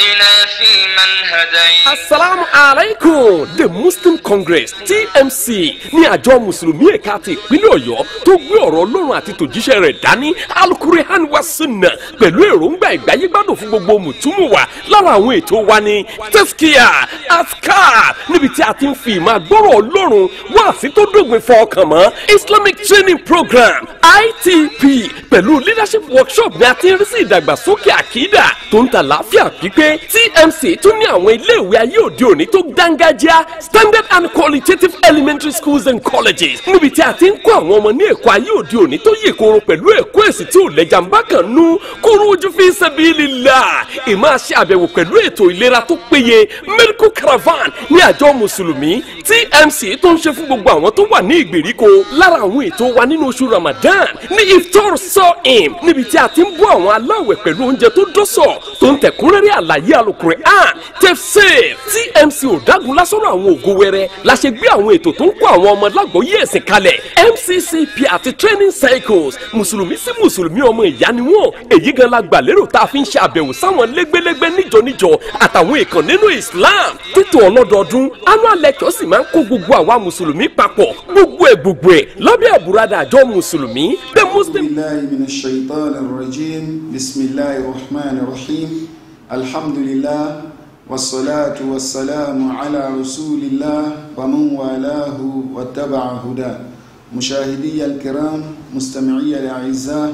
وتهدنا فيمن هديت. asalaamu alaikum the muslim congress tmc ní àjọ mùsùlùmí ẹ̀ka ti ìpínlẹ̀ ọ̀yọ́ tó gbé ọ̀rọ̀ ọlọ́run àti tòjíṣẹ́ rẹ̀ dání alukurihan wa sunna pẹ̀lú èròǹgbà ìgbáyégbádùn fún gbogbo mùtúmùwà lára àwọn ètò wa ní tẹ́síkìá askar níbi tí a ti ń fi ìmọ̀ àgbọ̀rọ̀ ọlọ́run wá sí tó dògbìn fọkàn mọ́ islamic training program itp pẹ̀lú leadership workshop ni a ti ń rí sí ìdàgbàsókè àkídà tó ń ta láàfíà pípé pé TMC tún ní àwọn iléèwé ayé òde òní tó dángájá standard and qualitative elementary schools and colleges níbi tí a ti ń kọ́ àwọn ọmọ ní ẹ̀kọ́ ayé òde òní tó yè koro pẹ̀lú ẹ̀kọ́ èsì tí ò lẹ́jà ń bá kàn nú kúrú ojú fi sabilillah ìmáa ṣe àbẹ̀wò pẹ̀lú ètò ìlera tó péye medical caravan ní àjọ mùsùlùmí TMC tó ń ṣe fún gbogbo àwọn tó wà ní ìgbèríko lára àwọn ètò wa nínú oṣù Ramadan ní iftar sọ im níbi tí a ti ń bọ́ àwọn aláwẹ̀ pẹ̀lú oúnjẹ tó dọ́sọ̀ tó ń tẹ̀kúnrẹ́rẹ́ àlá àlàyé alukur'an tefsir tmc ọ̀dàgùn lásọ̀rọ̀ àwọn ògo wẹrẹ la gbé àwọn ètò tó ń kó àwọn ọmọ lágbóyè ẹ̀sìn kalẹ̀ mccp àti training cycles mùsùlùmí sí mùsùlùmí ọmọ ìyá ni wọn èyí gan la gbà lérò tá a fi ń ṣe àbẹ̀wò sáwọn lẹ́gbẹ́lẹ́gbẹ́ níjọ níjọ àtàwọn ìkàn nínú islam títò ọlọ́dọọdún annual lecture sì máa ń kó gbogbo àwa mùsùlùmí papọ̀ gbogbo ẹ̀ rahim. الحمد لله والصلاة والسلام على رسول الله ومن والاه واتبع هداه مشاهدي الكرام مستمعي الأعزاء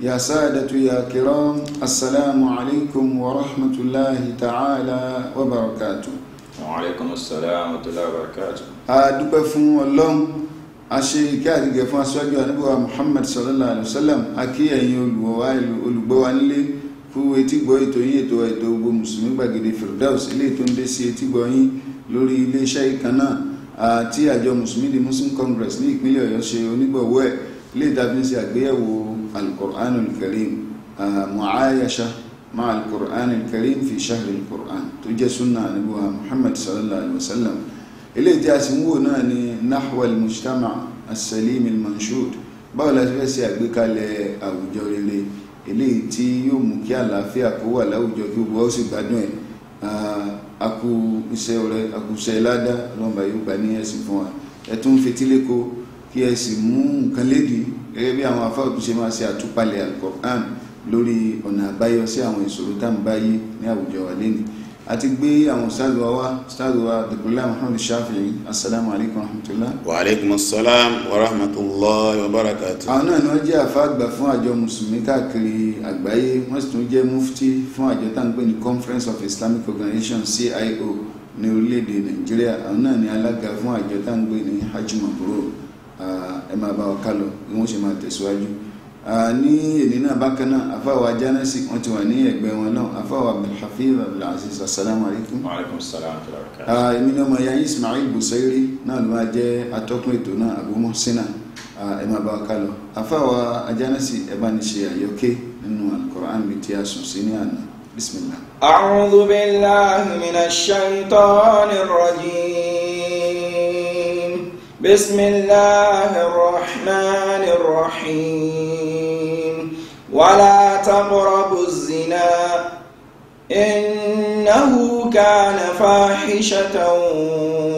يا سادة يا كرام السلام عليكم ورحمة الله تعالى وبركاته وعليكم السلام ورحمة الله وبركاته أدب فون اللهم àṣe ìkẹ́ àdìgẹ̀ fún aṣáájú ànábì wa Muhammad sallallahu alaihi يقول akí ẹ̀yin fúwo etí gbọ́ ètò yín ètò ètò gbogbo mùsùlùmí gbàgede firdaus ilé tó ń dé sí etí gbọ́ yín lórí iléeṣẹ́ ìkan náà àti àjọ mùsùlùmí the muslim congress ní ìpínlẹ̀ ọ̀yọ́ ṣe onígbọ̀wọ́ ẹ̀ ilé ìdájọ́ ń ṣe àgbéyẹ̀wò alukur'an karim muayasha ma alukur'an karim fi shahri alukur'an tó jẹ́ sunna níbo muhammad sallallahu alayhi wa sallam ilé ìdí àsìnwó náà ni nahwal mujtama eléyìí tí yóò mú kí àlàáfíà kó wà láwùjọ kí gbogbo ọ̀sìn gbádùn ẹ̀ aku iṣẹ́ rẹ akuṣẹ́ ládá lọ́mọ yóò gbà ní ẹ̀sìn fún wa ẹ tún fetíléko kí ẹ sì mú nǹkan lédi gẹ́gẹ́ bí àwọn afáwọ̀ tó ṣe máa ṣe àtúpalẹ̀ al lórí ọ̀nà àbáyọ sí àwọn ìṣòro tá à ń báyé ní àwùjọ wa lénìí àti gbé àwọn ustaz wa wá ustaz wa dìbìlá muhammad shafi'i assalamu alaikum rahmatullah wa alaikum assalam wa rahmatullahi wa barakatuh àwọn náà ni wọ́n jẹ́ àfáàgbà fún àjọ mùsùlùmí káàkiri àgbáyé wọ́n sì tún jẹ́ mufti fún àjọ tàǹgbé ní conference of islamic organization cio ní orílẹ̀-èdè nàìjíríà àwọn náà ni alága fún àjọ tàǹgbé ní hajj maburo ẹ máa bá wa kálọ bí wọ́n ṣe máa tẹ̀síwájú ní èdè náà bákan náà afáwà jánásì wọn ti wà ní ẹgbẹ́ wọn náà afáwà abdulhafiz abdulaziz asalaamu alaykum. maaleykum salaam wa rahmatulah. èmi náà mo ya ismail busairi náà ló máa jẹ́ atọ́kùn ètò náà abu muhsina ẹ máa bá wa ká lọ ajánásì ẹ bá ní ṣe àyọkẹ nínú alukoran mi tí a sùn sí ní àná bisimilah. a'udhu billahi minash shaitanir rajim bismillahir rahmanir rahim. ولا تقربوا الزنا إنه كان فاحشة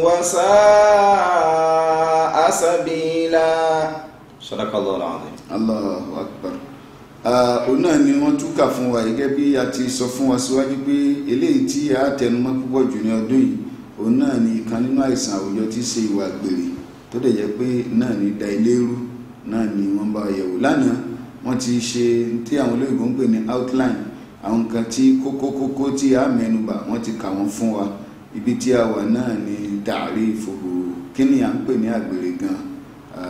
وساء سبيلا صدق الله العظيم الله أكبر òun náà ni wọ́n túkà fún wa gẹ́gẹ́ bí a ti sọ fún wa síwájú pé eléyìí tí a tẹnumọ́ púpọ̀ jù ní ọdún yìí òun ni ìkan nínú àìsàn àwùjọ tí ṣe ìwà àgbèrè tó dẹ̀ jẹ́ pé náà ni da ilé rú náà ni wọ́n bá yẹ̀wò lánàá wọ́n ti ṣe tí àwọn olóyìnbó ń pè ní outline àwọn nǹkan tí kókó tí a mẹ́nubà wọ́n ti kà wọ́n fún wa ibi tí a wà náà ni ta'rifu kí ni à ń pè ní àgbèrè gan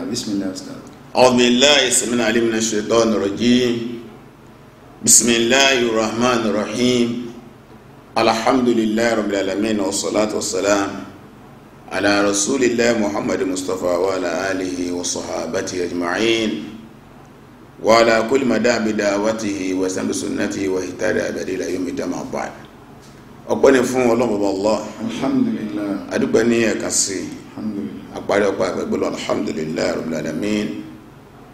bisimilayi ustaz. أعوذ بالله السميع العليم من الشيطان الرجيم بسم الله الرحمن الرحيم الحمد لله رب العالمين والصلاة والسلام على رسول الله محمد مصطفى وعلى آله وصحابته أجمعين وعلى كل ما دعا بدعوته وسن بسنته واهتدى بهديه يوم الجمع بعد ọpẹ́ ni fún Ọlọ́run Ọba Allah alhamdulillah adúpẹ́ ní ẹ̀ka sí àparí ọpẹ́ àpẹgbẹlọ alhamdulillah rabbil alamin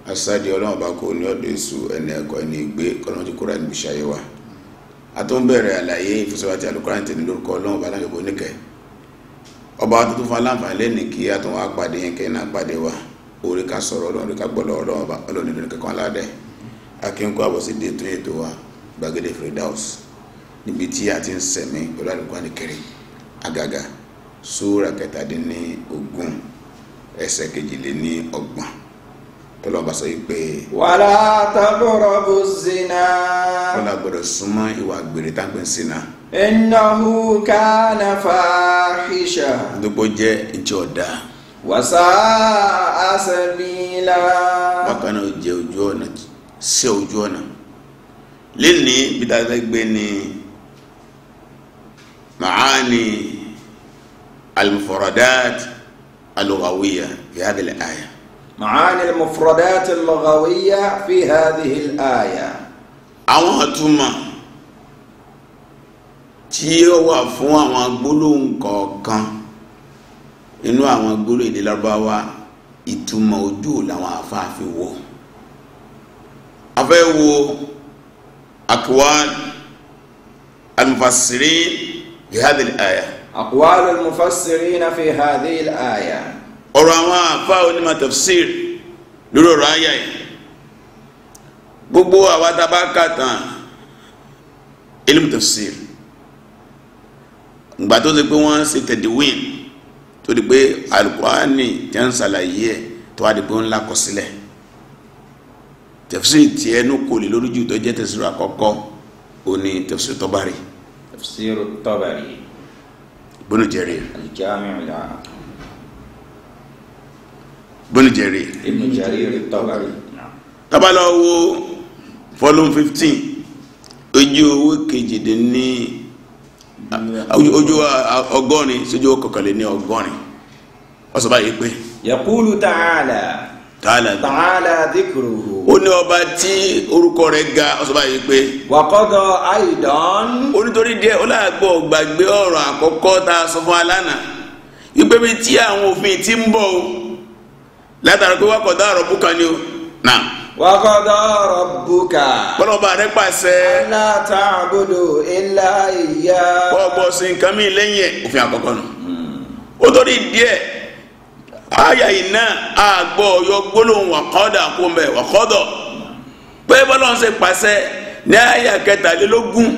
asáde Ọlọ́run Ọba kò ní ọdún èso ẹni ẹ̀kọ́ ẹni ìgbé kọlọrun ti kúrò níbi ṣayé wa a tó ń bẹ̀rẹ̀ àlàyé ìfisọwájú alukóran tẹni lórúkọ Ọlọ́run Ọba alájọpọ oníkẹ ọba tuntun fún aláǹfààní lẹni kí a tó wá pàdé yẹn kẹ náà pàdé wa. orí ká sọ̀rọ̀ ọlọ́run orí ká gbọ́lọ̀ ọlọ́run ọba ọlọ́run nínú kankan aládẹ́ akínkọ́ àbọ̀sídé tó yẹ wa gbàgede a ti ń sẹ̀mí pẹ̀lú al agaga sóòrà kẹtàdínní ogún ẹsẹ̀ kejìlé ní ọgbọ̀n tọ́lọ́ba sọ wàlá tábọ̀rọ̀ bó zina. wọ́n la gbọ́dọ̀ súnmọ́ ìwà àgbèrè tá à ń pè fahisha. jẹ́ wàsá àṣẹbílà. bákan náà jẹ ojú ọ̀nà sí ojú ọ̀nà lénìí bí dáadáa gbé ni màáni al-mufradat al-lughawiyya fi hadhihi al-aya. màáni al-mufradat fi hadhihi al-aya. àwọn àtúmọ̀ tí ó wà fún àwọn gbólóhùn kọ̀ọ̀kan inú àwọn gbólóhùn èdè lárúbáwá ìtumọ̀ ojú làwọn afáàfin wò afẹ́ wo akwal al-mufassirin fi hadhihi al-aya. akwal al-mufassirin fi hadhihi al-aya. ọ̀rọ̀ àwọn afá onímọ̀ tafsir lórí ọ̀rọ̀ àyà yìí gbogbo àwa tá a bá tafsir ìgbà ti pé wọ́n ṣe tẹ̀díwìn torí pé alukurani jẹ́ ń ṣàlàyé ẹ̀ tó wá di pé ń la kọ sílẹ̀ tẹ̀fsírì tí ẹnu kò lè lórí jù tó jẹ́ tẹ̀fsírì àkọ́kọ́ ó ní tẹ̀fsírì tọ́bárì. tẹ̀fsírì tọ́bárì. Ibn Jarir. al-Jami' Ibn Jarir. Ibn Jarir tọ́bárì. tá bá lọ wo volume fifteen ojú owó kejìdínní. ojú ọgọ́rin sójú kọkànlé ní ọgọ́rin wọ́n sọ báyìí pé. yakulu ta'ala. ta'ala ta'ala dhikruhu. ó ní ọba tí orúkọ rẹ̀ ga wọ́n sọ báyìí pé. wàkọ́dọ̀ àìdán. onítorí díẹ̀ ó láàgbọ̀ gbàgbé ọ̀rọ̀ àkọ́kọ́ ta a sọ fún alánà wípé bí tí àwọn òfin ti ń bọ̀ o látara pé wàkọ̀dọ̀ àrọ̀ bùkàn ni o náà. Wakada, Rabuka. bọ́lọ́ba rẹ̀ pàṣẹ. aláta àbúdò ilá ìyá. kọ́ọ̀bọ̀ sí nǹkan mi lẹ́yìn ẹ̀ òfin àkọ́kọ́ nù. ó torí díẹ̀ àyà iná àgbọ̀ ọ̀yọ́ gbólóhùn wàkọ́dà kó mbẹ̀ wàkọ́dọ̀ pé bọ́lọ́ ń ṣe pàṣẹ ní àyà kẹtàlélógún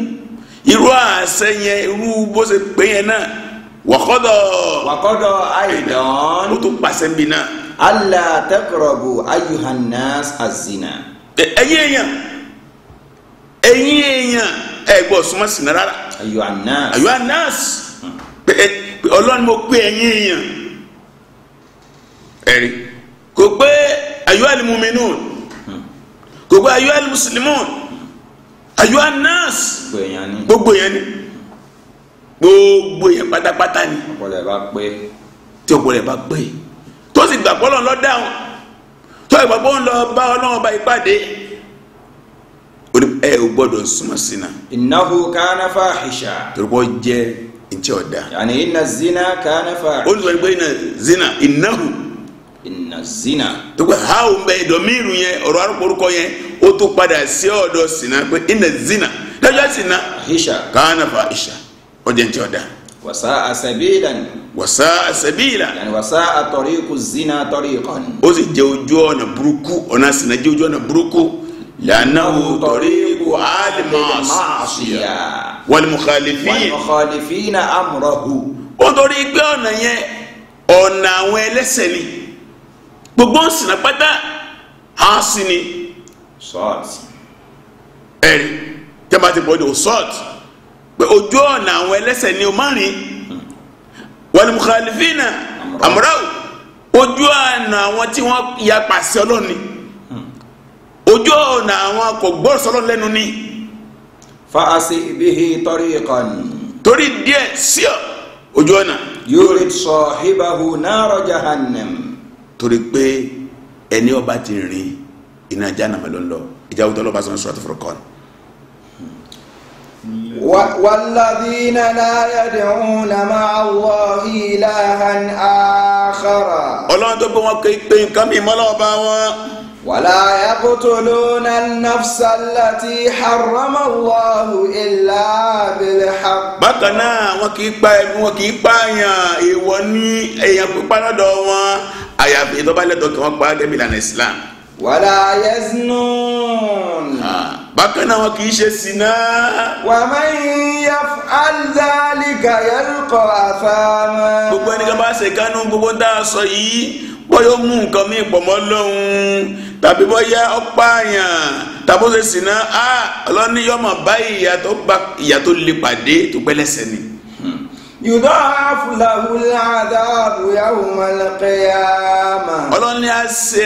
irú àṣẹ yẹn irú bó ṣe pé yẹn náà wàkọ́dọ̀. wàkọ́dọ̀ àìdán. ó tún pàṣẹ nbí náà allah taqrabu ayyuhan nas azina. ẹ̀yin èèyàn ẹ̀yin èèyàn ẹ gbọ́ súnmọ́ sínú rárá. ayyuhan nas. ayyuhan nas hmm. ọlọ́run mo pé ẹ̀yin èèyàn ẹ̀rí kò pé ayyuhal mu'minun hmm. kò pé ayyuhal muslimun ayyuhan nas gbogbo èèyàn ni gbogbo èèyàn pátápátá ni tí ọ̀pọ̀lọpọ̀ bá pé tó sì gbàgbọ́ lọ́n lọ́ dáhùn tó ìgbàgbọ́ ń lọ bá ọlọ́run bá ìpàdé ẹ ò gbọ́dọ̀ súnmọ́ sínà. innahu kana fahisha. torúkọ jẹ́ ntí ọ̀dà. yàní inna zina kana fahisha. olùsọ ìgbẹ́ iná zina innahu. inna zina. torúkọ ha ò ń bẹ ìdọ̀míìrù yẹn ọ̀rọ̀ arúgbórúkọ yẹn ó tún padà sí ọ̀dọ̀ sínà pé inna zina lọ́jọ́ sínà. fahisha. kana fahisha ó jẹ́ ntí ọ̀dà wasa asabilan. wasa asabilan. yanni wasa atoriku zina torikani. ó sì jẹ́ ojú ọ̀nà burúkú ọ̀nà sinna jẹ́ ojú ọ̀nà burúkú lanahu toriku alimaasiya walimukhalifina amurahu. ó torí pé ọ̀nà yẹn ọ̀nà àwọn ẹlẹ́sẹ̀ gbogbo sinna pátá á sí ni. sọ́ọ̀tì. ẹ̀rí de o sọ́ọ̀tì pé ojú ọ̀nà àwọn ẹlẹ́sẹ̀ ni o má rìn wàlùmùkàlìfínà àmúráwù ojú ọ̀nà àwọn tí wọ́n ya pàṣẹ ọlọ́run ni ojú ọ̀nà àwọn kò gbọ́ sọlọ́run lẹ́nu ni. fa asi ibihi tariqan. torí díẹ̀ sí ojú ọ̀nà. yurid sahibahu nara jahannam. torí pé ẹni ọba ti rìn iná jahannam ló lọ ìjà òdòdó ọba sọ̀rọ̀ suratul Furqan. والذين لا يدعون مع الله إلها آخر ọlọ́run tó gbé wọn pé pé nǹkan mìíràn lọ́wọ́ bá wọn. ولا يقتلون النفس التي حرم الله إلا بالحق. bákan náà wọn kì í pa ẹ̀mí wọn kì í pààyàn èèwọ̀ ní èèyàn pípa lọ́dọ̀ wọn àyàfi tó bá lẹ́tọ̀ọ́ kí wọ́n pa á débi ìlànà Islam. ولا يزنون bákan náà wọn kì í ṣe sinna. wà á máa ń ya alali gàyẹ́rù kọ́ àfàmà. gbogbo ẹnìkan bá ṣe kánú gbogbo ń dáa sọ yìí bóyá ó mú nǹkan mí pọ̀ mọ́ lọ́hùn tàbí bóyá ó pààyàn tàbó ṣe sinna ọlọ́ni yọmọ báyìí ìyà tó le pàdé tó gbẹ́lẹ́sẹ̀ ni yùdọ́hàfù làwùlẹ̀ àdáàbò yàwù mọ̀lẹ́kẹ́yàmà. ọlọ́run ni a ṣe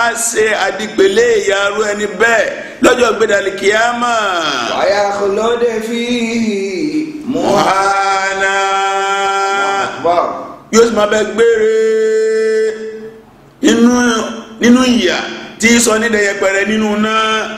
a ṣe àdìpẹ̀lẹ́ ìyàrú ẹni bẹ́ẹ̀ lọ́jọ́ gbẹdàlì kìyàmà. wàyà kọlọ́dẹ fi muhana yóò sì máa bẹ gbére inú nínú ìyà tí sọ ní dẹyẹpẹrẹ nínú náà.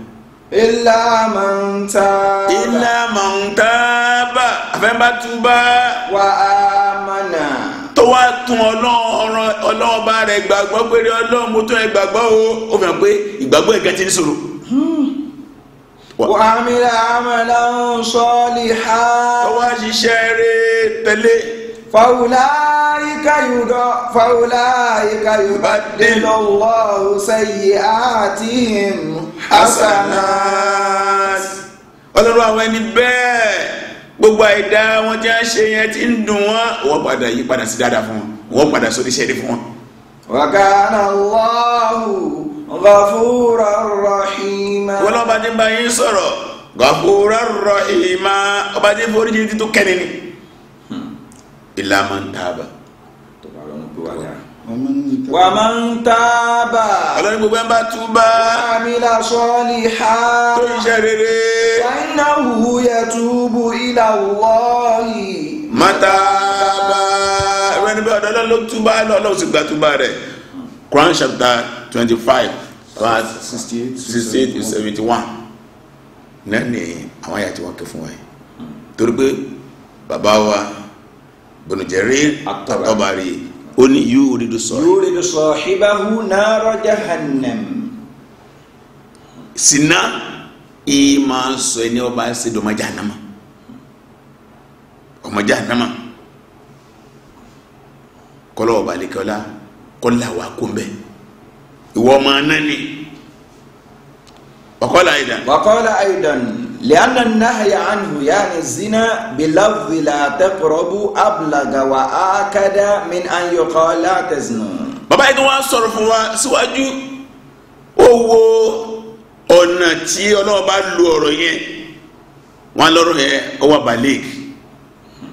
illa man taaba. illa man taaba. àfẹ́bá túbá. wà á mànà. tó wá tún ọlọ́run ọlọ́ọ̀bá rẹ̀ gbàgbọ́ péré ọlọ́run mo tún ẹ gbàgbọ́ o ó fi hàn pé ìgbàgbọ́ ẹ̀gá ti ń sòrò. wà á mìíràn àmàlà ń sọ́ọ̀lì ha. tó wá ṣiṣẹ́ rẹ̀ tẹ́lẹ̀. fàwùlà ikayudọ fàwùlà ikayudọ délọ́wọ́ sẹ́yìn àtìhìn hasanat ọlọ́run àwọn ẹni bẹ́ẹ̀ gbogbo àìdá wọn tí wọ́n ṣe yẹn ti ń dùn wọn wọ́n padà yí padà sí dáadáa fún wọn wọ́n padà sórí iṣẹ́ rí fún wọn. wa kana Allahu ghafuran wọ́n lọ́ba tí ń bá yín sọ̀rọ̀ ghafuran rahima ọba tí foríjì tuntun kẹ́ni ni. Hmm. illa man taba. tó bá lọ́nu pé wà ní wà á tábà. ọlọ́run gbogbo ẹ̀ ń bá túbà. amila solihan. tó ń ṣe rere. fainahu yatubu ila Allahi. mátàbà ẹni bẹ́ẹ̀ ọ̀dọ́ ló túbà lọ́lọ́run sì gba túbà rẹ̀ Quran chapter twenty five verse sixty eight to seventy one nani àwọn àyà tí wọ́n ké fún wa yìí torí pé bàbá wa Ibn Jarir ó ní yuridu sọ. yuridu sahibahu nara jahannam. sinna ìyí máa ń sọ ẹni ọba ṣe dọmọ jahannama ọmọ jahannama kọlọ ọba àlekọlá kọlá wa kún ìwọ ọmọ anani wàkọlá àyídàn. wàkọlá àyídàn. لأن النهي عنه يعني الزنا بلفظ لا تقربوا أبلغ وأكد من أن يقال لا تزنوا bàbá yìí tó wá sọ̀rọ̀ fún wa síwájú ó wo ọ̀nà tí ọlọ́run bá lu ọ̀rọ̀ yẹn wọn lọ́rọ̀ ya ó wà balik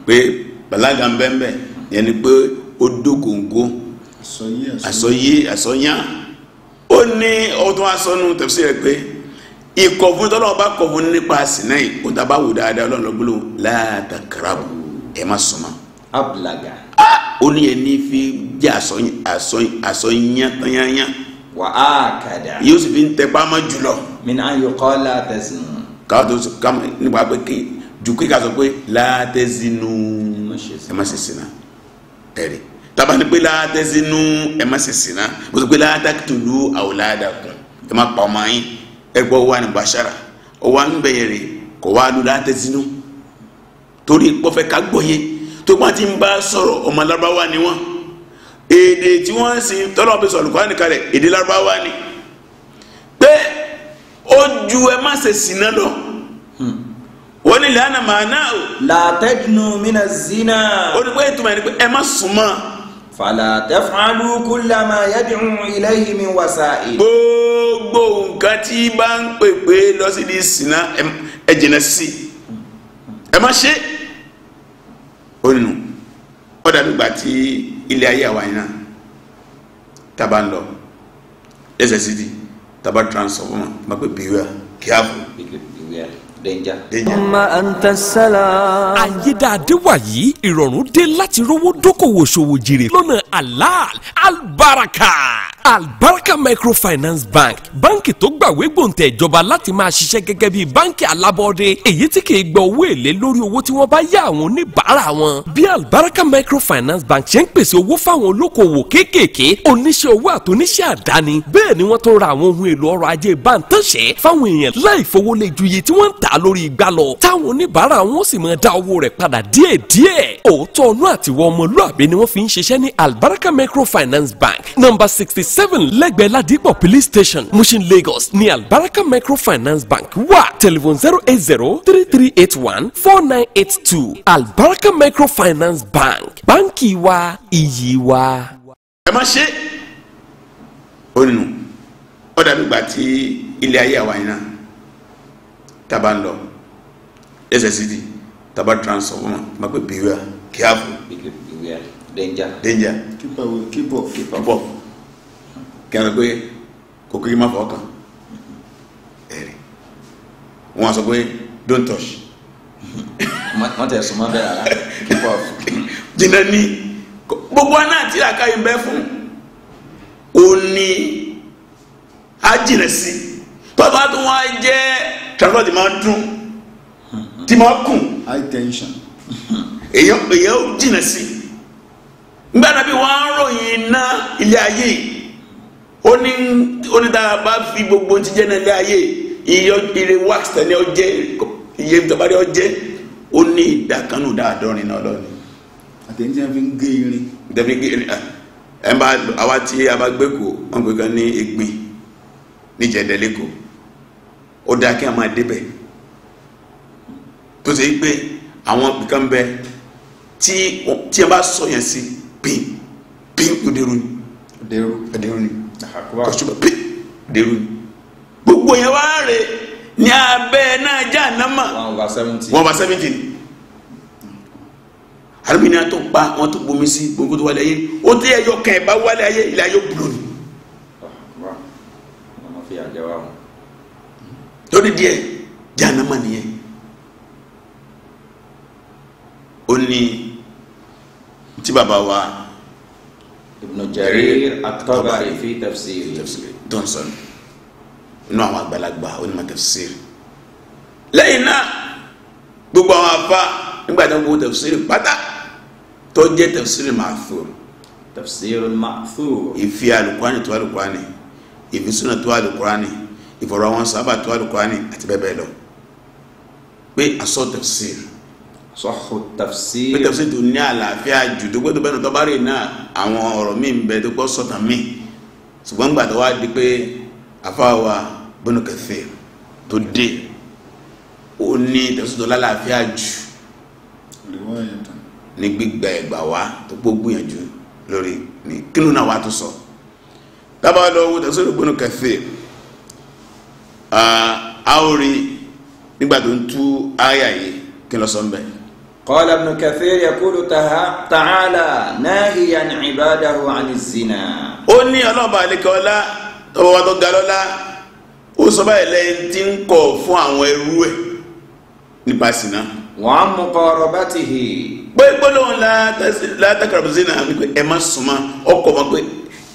pé balaga ni ìkọ̀fún tọ́lọ́wọ́ bá kọ̀fún nípa sinai kò tá a bá wò dáadáa ọlọ́run lọ́gbọ́lọ́ látàkàràbù ẹ má súnmọ́. abúlaga. a ó ní ẹni fi jẹ́ àsọyìn tanyanya. wà á kàdà. yóò sì fi ń tẹpá mọ́ jùlọ. mina yóò kọ́ látẹ̀sínú. káwọn tó sọ káwọn nípa pé kí dùkú ká sọ pé látẹ̀sínú ẹ má ṣe sinna ẹ̀rí tàbá ni pé látẹ̀sínú ẹ má ṣe sinna bó sọ pé látàkìtùlù àwòládàkùn ẹ má pa ọmọ yín ẹgbọ́ wa ní bàṣára ọwọ́ ń bẹ̀yẹ̀ rẹ̀ kọ̀ wá lù látẹ̀sínú torí pọ́fẹ́ ká gbọ́yé tó bá ti ń bá sọ̀rọ̀ ọmọ lárúbáwá ni wọ́n èdè tí wọ́n ń sin tọ́lọ́ fi sọ̀rọ̀ kọ́ nìkan rẹ̀ èdè lárúbáwá ni pé ó ẹ má ṣe sìnà lọ wọ́n ní làánà màánà o. làtẹ́jùnú mi nà zina. ó ní pé ìtumọ̀ ẹni pé ẹ má sùn mọ́ ọ fàlà tẹfàlú kúlàmà yẹdùn ilayhi min wasa'il. gbogbo nǹkan tí bá ń pèpè lọ sí di sinna ẹ jìnnà sí ẹ má ṣe ó nínú ó dàbí gbà tí ilé ayé àwa yìí náà taba ń lọ ẹsẹ̀ sí di taba transformer má pè bíwá kí á kú danger. ọmọ anta sálà. àyédáadé wàyí ìrọ̀rùn dé láti rówó dókòwò ṣòwò jèrè lọ́nà halal albaraka albarka microfinance bank báǹkì tó gbàwé gbòǹtẹ̀ ìjọba láti máa ṣiṣẹ́ gẹ́gẹ́ bí báǹkì alábọ́ọ́dé èyí tí kì í gba owó èlé lórí owó tí wọ́n bá yá àwọn oníbàárà wọn. bí albarka microfinance bank ṣe ń pèsè owó fáwọn olókoòwò kéékèèké oníṣẹ́ owó àtúnṣe àdáni bẹ́ẹ̀ ni wọ́n tó ra àwọn ohun èlò ọrọ̀ ajé bántánṣẹ́ fáwọn èèyàn láì fowó lé ju iye tí wọ́n ń tà lórí igbá lọ táwọn oníbàárà microfinance bank number sixty seven lẹ́gbẹ̀ẹ́ ladipo police station mushin lagos ní albaraka microfinance bank wà telephone zero eight zero three three eight one four nine eight two albaraka microfinance bank báńkì wa iyì wa. ẹ má ṣe ó nínú ó dàbí ìgbà tí ilé ayé àwa yìí náà tábà ń lọ ssd tábà transformer má pè bíwá kí á fò. danger danger keep away keep off keep off. kí pé kòkiri má fọ kàn ẹ̀rì wọn sọ pé don't touch. wọ́n tẹ̀ súnmọ́ bẹ́ẹ̀ rárá keep jìnnà ni gbogbo aná àti o ní a sí tó wọ́n á jẹ́ ti máa dún ti máa kùn. high tension. èyàn èyàn ó jìnnà oni oni ó ní tá a bá fi gbogbo ti jẹ́ nílé ayé iye ire wax tẹ̀lé ọjẹ́ iye tọ́bárí ọjẹ́ ó ní ìdákanù dáadọ́rin náà lọ́ni. àtẹ̀yìn tí wọ́n fi ń gé irin. tẹ́ fi ń gé irin ẹ̀ ń bá àwa tí a bá gbé ní egbin níjẹ̀dẹ̀ ó dáa kí a máa débẹ̀ tó ṣe é pé àwọn kan bẹ tí tí a bá sọ yẹn sí pin pin ó ni. ó ni kọsùmọ pí dèrú gbogbo yẹn wá rè ní abẹ́ náà já nàmà wọn bá seventeen àrùbí náà tó pa wọn tó gbomi sí gbogbo tó wálé ayé ó tẹ ẹyọ kàn ẹ bá wálé ayé ilé ayé bulu ni. lórí díẹ̀ já nàmà nìyẹn ó ní tí bàbá wa ibn jarir at-tabari fi tafsiri johnson inú àwọn àgbàlagbà onímọ̀ tafsiri lẹ́yìn náà gbogbo àwọn afa nígbà tí wọ́n gbogbo tafsiri pátá tó jẹ́ tafsiri ma'thur tafsiri ma'thur ìfi alukurani tó alukurani ìfisúná tó alukurani ìfọ̀rọ̀ àwọn sábà tó alukurani àti bẹ́ẹ̀ bẹ́ẹ̀ lọ pé asọ́ tafsiri sọ́hù tafsir. pé tafsir tó ní àlàáfíà jù tó gbé tó bẹ́ẹ̀ tó bá rí náà àwọn ọ̀rọ̀ míì ń bẹ tó pọ̀ sọ̀tàn míì ṣùgbọ́n gbà tó wá di pé àfáwa Ibn Kathir tó dé ó ní tafsir tó lálàáfíà jù ní gbígba ẹ̀gbà wa tó pọ̀ gbìyànjú lórí ní kílù náà wà tó sọ tábà lọ́wọ́ tafsir Ibn Kathir a ó rí nígbà tó ń tú áyà yìí kí lọ sọ ń bẹ̀rẹ̀ قال ابن كثير يقول تعالى ناهيا عباده عن الزنا ó ní ọlọ́ọ̀bà àlekọ́lá tọ́wọ́ wa tó ga lọ́lá ó sọ báyìí lẹ́yìn tí ń kọ̀ fún àwọn ẹrú ẹ̀ nípa sìnà. wa an muqarabatihi. pé gbólóhùn látàkàrọ̀ sínú àmì pé ẹ má súnmọ́ ọkọ̀ fún pé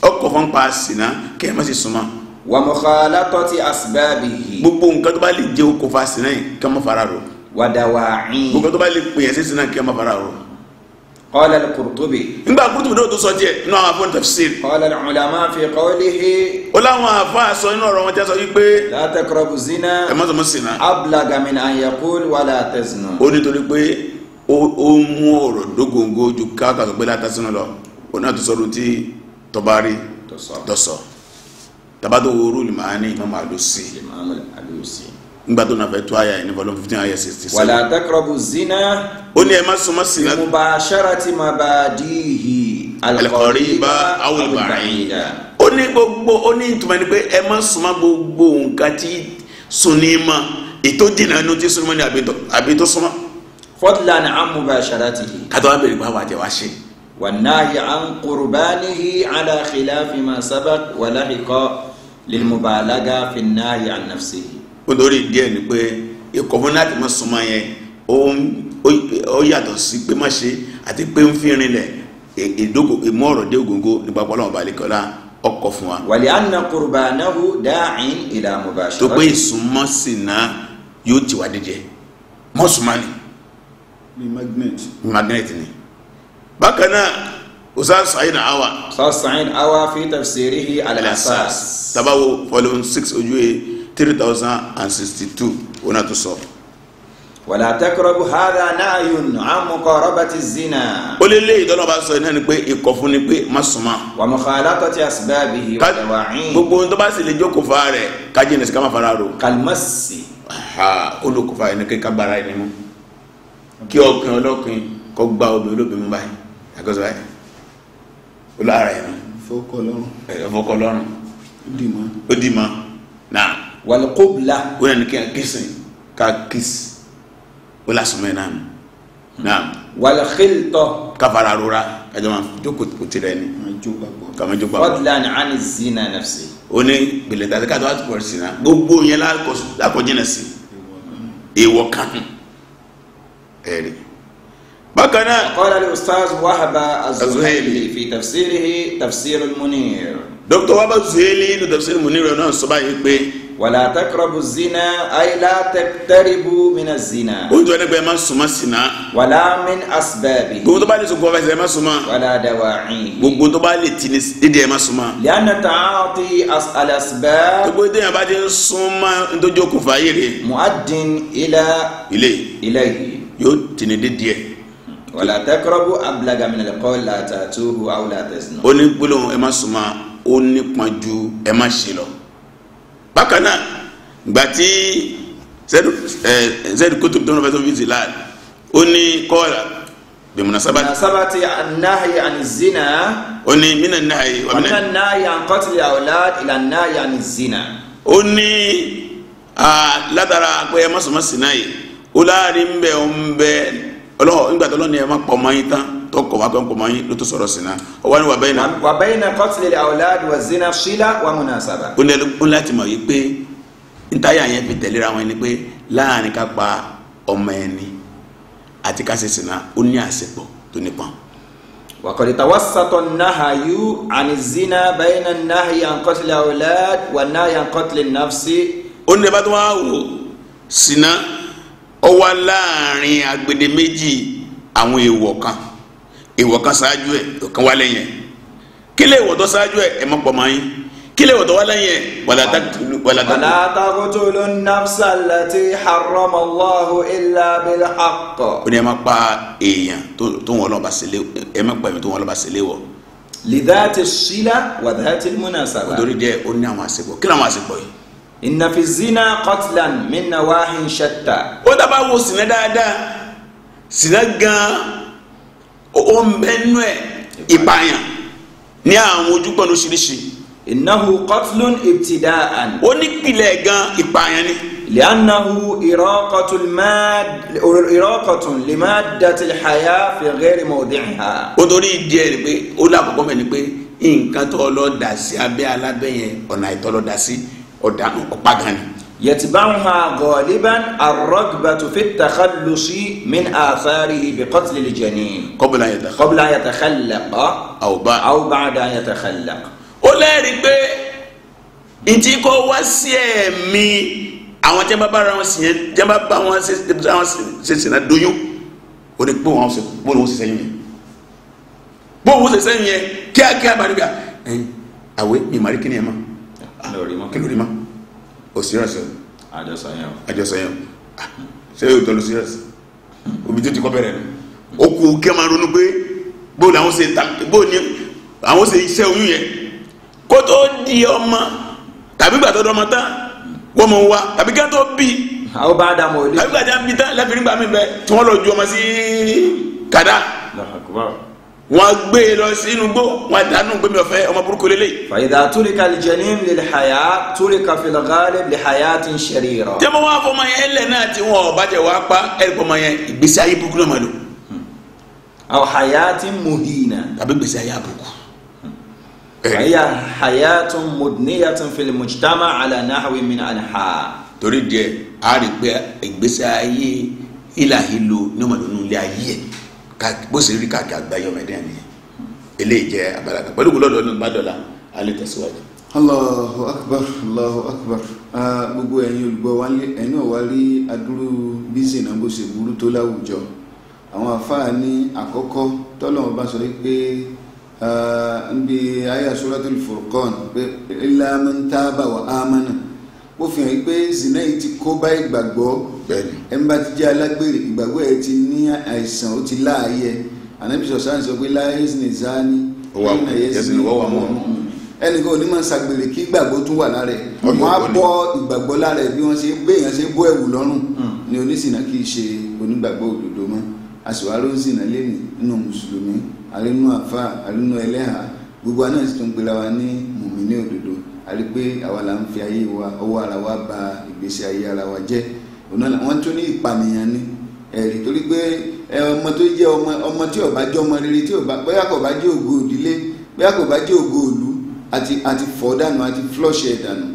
ọkọ̀ fún pa sìnà kí ẹ má sì súnmọ́. wa mukhalatati asbabihi. gbogbo nǹkan tó bá lè jẹ́ okòó fa sìnà yìí kí wọ́n má fara rò wadawain. gbogbo tó bá lè pè é sísè náà kí ẹ má fara o. qala al-Qurtubi. nígbà Qurtubi náà tó sọ díẹ̀ inú àwọn afọ tafsir. qala al fi qawlihi. ó láwọn afọ àṣọ inú ọ̀rọ̀ wọn jẹ́ sọ wípé. la taqrabu zina. ẹ má sọ mọ́ zina. ablaga min wala tazna. ó nítorí pé ó mú ọ̀rọ̀ dógóńgó ju káàkà tó gbé látàsínú lọ òun náà tó sọ̀rọ̀ tí tọ́bárí tọ́sọ̀ tabadowo rúlùmáà ní Imam Alusi ngba tó nàfẹ́ tó àyà yìí ní volume fifteen àyà sixty seven. wàlá takarabu zina. ó ní ẹ má súnmọ́ sìná. ìmùbà sharati mabadihi. alqariba awul ba'ida. ó ní gbogbo ó ní ìtumọ̀ ni pé ẹ má súnmọ́ gbogbo nǹkan tí sunni ma ètò jìnnà inú tí sunni ma ni àbí tó súnmọ́. fadlan an mubasharatihi. kátó wá bèrè báwa jẹ wá ṣe. wannahi an qurbanihi ala khilafi ma sabaq wa lahiqa lilmubalaga fi nnahi olórí díẹ̀ ni pé ikọ̀ fún láti mọ̀ súnmọ́ yẹn ó yàtọ̀ sí pé má ṣe àti pé ń fi rinlẹ̀ ìdógò ìmú ọ̀rọ̀ dé ògógó nípa pọ́lọ́mù balẹ̀kọ́lá ọkọ̀ fún wa. wàlẹ̀ àná kùrùbà náà dáhìn ìlà mubashara. tó pé ìsúnmọ́ náà yóò ti ni magnet. ni. bákan náà usas awa. usas awa fi tafsirihi tabawo volume six ojú ye. three thousand and sixty two òun náà tó sọ. wàlá àtẹkọrọbù hàdà náà yùn àmukọ rọbàtì zina. ó lé lé ìtọ́nà bá sọ iná ni pé ikọ̀ fún ni pé má sùnmọ́. wà mọ̀ká alákọ̀tì àsìbáàbí yìí wà wà ń. gbogbo ohun tó bá sì lè jókòó fa rẹ̀ kájí ní sikama fara ro. kalimasi. olùkọ́ fa ẹni kéka bara ẹni mú kí ọkùnrin ọlọ́kùnrin kọ́ gba obìnrin olóbìnrin ara ẹ̀ mú. fọkọ lọ́rùn. fọkọ lọ́rùn. ó dì mọ́. ó dì mọ́ náà walikobla o yɛrɛ ni kɛ kisi ka kisi o la sɔmɛ n'a ma na walikilitɔ ka fara arora ka jama joko o ti dɛ ni kama joko awɔ fadlan ani zina nafsi o ni gbeleta ka to a ti kɔri sinna gbogbo yɛn la lakɔjɛnɛ si ewɔ kan ɛri. بكنا قال الأستاذ وهب الزهيلي في تفسيره تفسير المنير دكتور وهب الزهيلي في تفسير المنير náà sọ báyìí pé wàlá takarabu zina ayila tẹribu mina zina. o jọ ne bẹ ma suma sina. wàlá min asibabi. gbogbo tó b'a le sọgbọ fẹsẹ ẹ ma suma. wàlá dawaɛn. gbogbo tó b'a le tini didi ẹ ma suma. liana taa ti alasibẹ. gbogbo den yẹn b'a di suma ntọjọ kofa yiri. muadin ila. ile. ile yi. yóò tini didi yẹ wala tẹkọrọbu abulaga minẹ kọ lata tuhu aw lata sinu. ó ní gbólóhùn ẹ má suma ó ní kumajú ẹ má ṣe lọ bákan náà gbà tí zed eh, kutub dọ́nà fẹ́sọ̀ fíìsì láàyè ó ní kọ́ọ̀là bimuna sabati. na sabati nahi ani zina. ó ní mina nahi. wa mina nahi an qatli awlad ila nahi ani zina. ó ní ladara pé ẹ má sọ ma sìn náà yìí ó láàrin bẹ́ẹ̀ ń bẹ́ẹ̀ ọlọ́wọ́ nígbà tó lọ́ni ẹ má pọ̀ mọ́ yín tán tó kọ̀ wá tó ń kọ̀ mọ́ yín ló tó sọ̀rọ̀ sínú ọ wá ní wà bẹ́yìn náà. wà bẹ́yìn náà kọ́tìlẹ̀ aulad wà zina ṣílá wà munasaba. ó ní ó láti mọ̀ yìí pé ntáyà yẹn fi tẹ̀léra wọn ni pé láàrin ká pa ọmọ ẹni àti ká ṣe sínú ó ní àṣepọ̀ tó nípọn. وقد توسط النهي عن الزنا بين النهي عن قتل الأولاد والنهي عن قتل النفس. ó ní ẹ bá tó wá wò sínú ọ wá láàrin agbede méjì àwọn èèwọ̀ kan ìwọ kan ṣáájú ẹ kan wá lẹ́yìn ẹ kílẹ̀ ìwọ tó ṣáájú ẹ ẹ mọ̀ pọ̀ mọ́ yín kílẹ̀ ìwọ tó wá lẹ́yìn ẹ wàlá taqtulu. wàlá taqtulu nafsa allati harrama Allahu illa bil haqq. ó ní ẹ má pa èèyàn tó wọn lọ́ba sílé ẹ má pa èèyàn tó wọn lọ́ba sílé wọ̀. lidhati sila wa dhati munasaba. nítorí díẹ̀ ó ní àwọn àsìkò kí ni àwọn àsìkò yìí inna fi zina qatlan min nawahin ó dábàá wo sinna dáadáa ó ń bẹ́nu ẹ̀ ìpààyàn ní àwọn ojúgbọ́n oríṣiríṣi. ìnáhu qatlun ibtida'an. ó ní pilẹ̀ gan ìpààyàn ni. li'annahu iraqatul mad iraqatun limaddatil haya fi ghairi mawdi'iha. ó torí ìdí ẹ̀ ni pé ó lákòókò mẹ́ni pé nǹkan tó lọ́ọ́ dà sí abẹ́ alábẹ́ ọ̀nà ìtọ́lọ́ sí ọ̀daràn ọ̀pá gan ni. يتبعها غالبا الرغبة في التخلص من آثاره بقتل الجنين قبل أن يتخلق قبل أن يتخلق أو بعد أو بعد أن يتخلق ولا lẹ́rìí pé ntí مي wá sí ẹ̀mí àwọn jẹ́ bá bá ara wọn sì yẹn jẹ́ bá bá wọn ṣe ṣe náà doyún ó ní gbóhùn àwọn gbóhùn wọn ṣe yẹn gbóhùn wọn ṣe yẹn kíákíá bá níbi à ẹ̀yìn àwẹ̀ mi màrí kí ni ẹ̀ mọ́ kí lórí mọ́ o serious o. àjọsọ yẹn o. àjọsọ yẹn o ṣé yóò tọ́lu serious omi tó ti kọ́ bẹ̀rẹ̀ o kò kẹ́ máa ronú pé bó ni àwọn ṣe ta bó ni àwọn ṣe iṣẹ́ oyún yẹn kó tó di ọmọ tàbí gbàtọ́ dọ́mọ tán wọ́n mọ̀ wá tàbí ká tó bi. àwọn bá a dà mọ̀ ọ́ lé. àbí gbàtọ́ bí tán lẹ́fìrí gbà bẹ́ẹ̀ tí wọ́n lọ ju ọmọ sí kàdá wọn gbé e lọ sínú gbó wọn dànù gbẹmí ọfẹ ọmọ burúkú lélẹ. fàyidà túrika lìjẹni lìlhàyà túrika filagali lìhàyà ti ń ṣẹlẹ rọ. jẹ́mọ̀ wá fọmọ yẹn ẹlẹ́ náà tí wọn ọba jẹ wá pa ẹ̀rí fọmọ yẹn ìgbésí ayé burúkú náà máa lò. àwọn hàyà ti ń tàbí ìgbésí ayé àbùkù. ẹ̀yà hàyà tún mọ̀dúnìyà tún fìlì mùjítàmà àlànà àwẹ̀ mi àlàhà. torí díẹ̀ a rí pé ìgbésí ayé ìlàhìlò ní ọmọdún ilé ayé ẹ̀ bó ṣe rí kàkà àgbáyọ mẹ́rin ni eléyìí jẹ́ abala kan pẹ̀lú gbọ́dọ̀ ní bàdọ́là alẹ́ tẹ̀síwájú. Allahu akbar Allahu akbar gbogbo ẹ̀yin olùgbọ́ wa ẹ̀yin náà wá rí adúrú bísí náà bó ṣe burú tó láwùjọ àwọn afáà ní àkọ́kọ́ tọ́lọ́run bá sọ pé níbi ayé Suratul Furqan pé illa man taba wa amana ó fi hàn pé zina yìí ti kó bá ìgbàgbọ́ ẹni bá ti jẹ́ alágbèrè ìgbàgbọ́ ẹ ti ní àìsàn ó ti láàyè ànábì sọ̀sán sọ pé láyé zina zani ìrìnà yẹn zina wọ́wọ́ mọ́ ẹnì kan onímọ̀ ṣàgbèrè kí ìgbàgbọ́ tún wà lára ẹ̀ wọ́n á bọ́ ìgbàgbọ́ lára ẹ̀ bí wọ́n ṣe béèyàn ṣe bọ́ ẹ̀wù lọ́rùn hmm. ni oníṣìnà kì í ṣe onígbàgbọ́ òdodo mọ́ àṣewárò ń ṣìnà lẹ́nu nínú mùsùlùmí àrínú àfa àrínú ẹlẹ́hà gbogbo àná ìsìtúnpẹ̀lá wa ní mùmí ní òdodo àrí pé àwa là fi ayé wa ọwọ́ ara wa bà ìgbésí ayé ara wa jẹ́ ọ̀nà làwọn tún ní ìpànìyàn ni ẹ̀rí torí pé ọmọ tó jẹ́ ọmọ ọmọ tí ó bá jẹ́ ọmọ rere tí ó bá bóyá kò bá jẹ́ ògo ìdílé bóyá kò bá jẹ́ ògo ìlú àti àti fọ́ dànù àti flọ́ọ̀ṣì dànù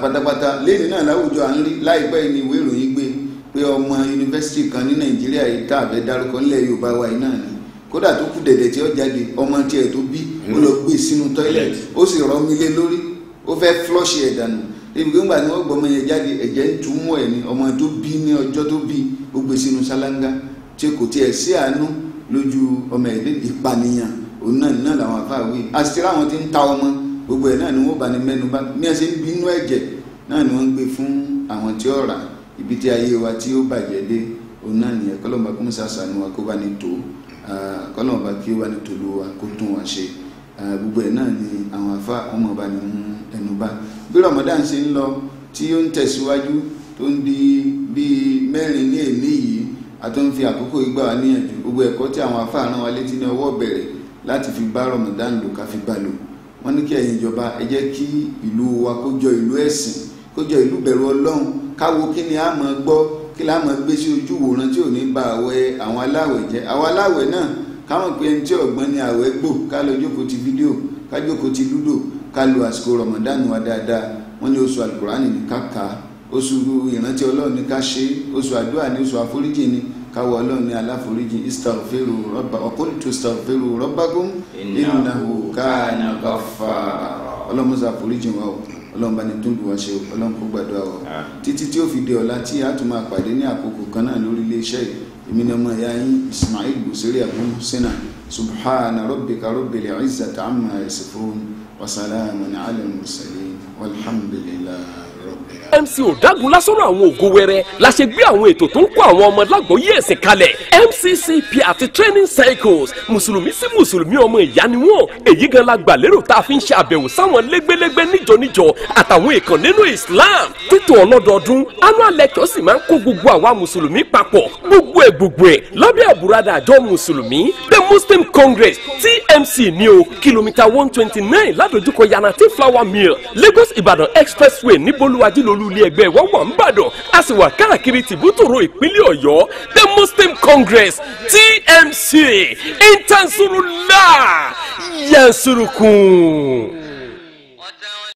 pátápátá lẹ́yìn náà láwùjọ à ń rí láìpẹ́ ni ìwé ìròyìn gbé pé ọmọ yunifásitì kan ní nàìjíríà yìí tá a fẹ́ dárúkọ nílẹ̀ yorùbá wa yìí náà ni kódà tó kù dẹ̀dẹ̀ tí ó jáde ọmọ tiẹ̀ tó bí ó lọ gbé sínú tọ́ílẹ̀tì ó sì rọ́ mi lé lórí ó fẹ́ flọ́ọ̀ṣì ẹ̀ dànù ebi gbẹ́ngbà tí wọ́n gbọ́ ọmọ jáde ẹ̀jẹ̀ ń tu mú ẹ̀ ni ọmọ tó bí ní ọjọ́ tó bí ó gbé sínú ṣáláńgá tí kò tiẹ̀ sí àánú lójú ọmọ ẹ̀ ìpànìyàn òun náà náà làwọn afáwé àṣìṣe àwọn tí ń ta ọmọ gbogbo ẹ̀ náà ni wọ́n bá ní mẹ́nu bá ní ẹsẹ̀ ń bínú ẹ̀jẹ̀ náà ni wọ́n ń gbé fún àwọn tí ó rà ibi tí ayé wa tí ó bàjẹ́ dé òun náà nìyẹn kọ́lọ́mọba kó ń sàṣàánú wa kó bá ní tó kọ́lọ́mọba kí ó bá ní wa kó tún wa ṣe. Eh, gbogbo ẹ̀ náà ni àwọn àfa ọmọ ọba ni mú ẹnu bá bí Ramadan ṣe ń lọ tí ó ń tẹ̀síwájú tó ń di bíi mẹ́rin ní èmi yìí àtọ́ ń fi àkókò ìgbà wa níyànjú gbogbo ẹ̀kọ́ tí àwọn àfa rán wa létí ní ọwọ́ bẹ̀rẹ̀ láti fi bá Ramadan lò ká fi bá lò wọ́n ní kí ẹ̀yin ìjọba ẹ jẹ́ kí ìlú wa kó jọ ìlú ẹ̀sìn kó jọ ìlú bẹ̀rù Ọlọ́run káwo kí ni a máa gbọ́ kí la máa gbé sí ojú wòran tí ò ní ba àwẹ̀ àwọn aláwẹ̀ jẹ́ àwọn aláwẹ̀ náà káwọn pé ẹni tí ọ̀gbọ́n ní àwẹ̀ gbò ká lọ jókòó ti fídíò ká jókòó ti lúdò ká lo àsìkò Ramadan wa dáadáa wọ́n ní oṣù alukurani ní káka oṣù ìrántí ọlọ́run ní ká ṣe oṣù àdúrà ní oṣù àforíjì ní káwọ ọlọ́run ní aláforíjì istaghfiru rabba ọkọlùtù istaghfiru rabbakum innahu kana ghaffara ọlọ́mọṣà àforíjì wa o ọlọ́run bá ní tún lù wá ṣe ọlọ́run kó gbàdúrà wa títí tí ó fi dé ọ̀la من ما إسماعيل بسرية بن حسنة سبحان ربك رب العزة عما يصفون وسلام على المرسلين والحمد لله MC ọ̀dàgùn lásọ̀rọ̀ àwọn ògo wẹrẹ la ṣe gbé àwọn ètò tó ń kó àwọn ọmọ lágbóyè ẹ̀sìn kalẹ̀ MCCP àti training cycles mùsùlùmí sí mùsùlùmí ọmọ ìyá ni wọ́n èyí gan la gbà lérò tá a fi ń ṣe àbẹ̀wò sáwọn lẹ́gbẹ́lẹ́gbẹ́ níjọ́níjọ́ àtàwọn èèkàn nínú Islam títò ọlọ́dọọdún annual lecture sì máa ń kó gbogbo àwa mùsùlùmí papọ̀ gbogbo ẹ̀ gbogbo ẹ̀ the Muslim Congress TMC ní o kìlómítà one twenty nine ládojúkọ flower mill Lagos Ìbàdàn expressway níbolúwájú lolú olùlé ẹgbẹ́ wa wà ń bàdàn a sì wà káàkiri tìbútòrò ìpínlẹ̀ ọ̀yọ́ the muslim congress tmc intansurula yansurukun.